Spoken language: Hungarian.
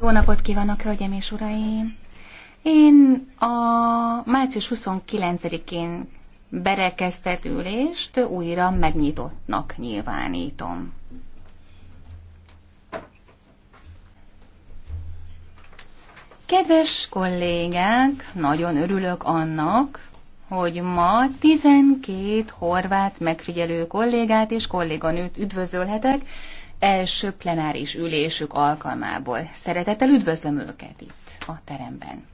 Jó napot kívánok, hölgyeim és uraim! Én a március 29-én berekeztett ülést újra megnyitottnak nyilvánítom. Kedves kollégák, nagyon örülök annak, hogy ma 12 horvát megfigyelő kollégát és kolléganőt üdvözölhetek, első plenáris ülésük alkalmából. Szeretettel üdvözlöm őket itt a teremben.